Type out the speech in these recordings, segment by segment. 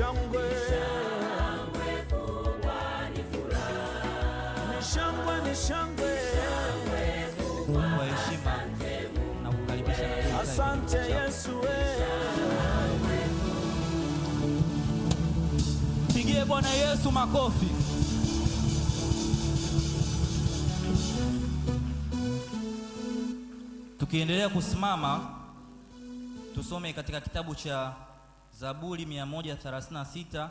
shangwe, kubwa ni furaha, ni shangwe, ni shangwe, kubwa heshima na kukaribisha asante Yesu, pigie Bwana Yesu makofi. Tukiendelea kusimama tusome katika kitabu cha Zaburi 136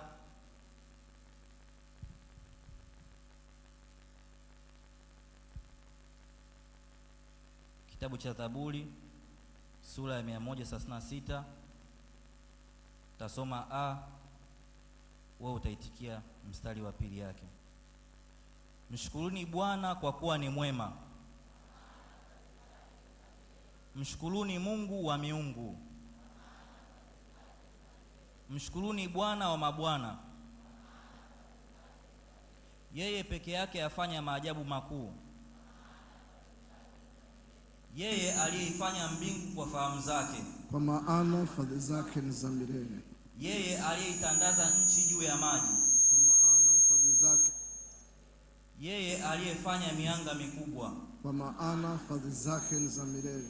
kitabu cha Zaburi sura ya 136 tasoma a wewe utaitikia mstari wa pili yake. Mshukuruni Bwana kwa kuwa ni mwema, mshukuruni Mungu wa miungu Mshukuruni Bwana wa mabwana, yeye peke yake afanya maajabu makuu, yeye aliyeifanya mbingu kwa fahamu zake, kwa maana fadhili zake ni za milele. Yeye aliyeitandaza nchi juu ya maji, kwa maana fadhili zake. Yeye aliyefanya mianga mikubwa, kwa maana fadhili zake ni za milele.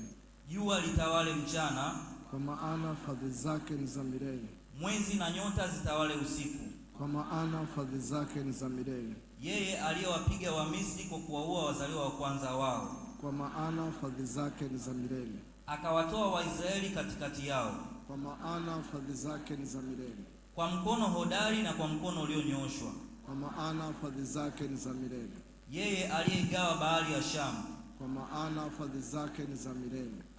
Jua litawale mchana, kwa maana fadhili zake ni za milele mwezi na nyota zitawale usiku, kwa maana fadhili zake ni za milele. Yeye aliyewapiga Misri kwa kuwaua wazaliwa wa kwanza wao, kwa maana fadhili zake ni za milele. Akawatoa Waisraeli katikati yao, kwa maana fadhili zake ni za milele. Kwa mkono hodari na kwa mkono ulionyooshwa, kwa maana fadhili zake ni za milele. Yeye aliyeigawa bahari ya Shamu, kwa maana fadhili zake ni za milele.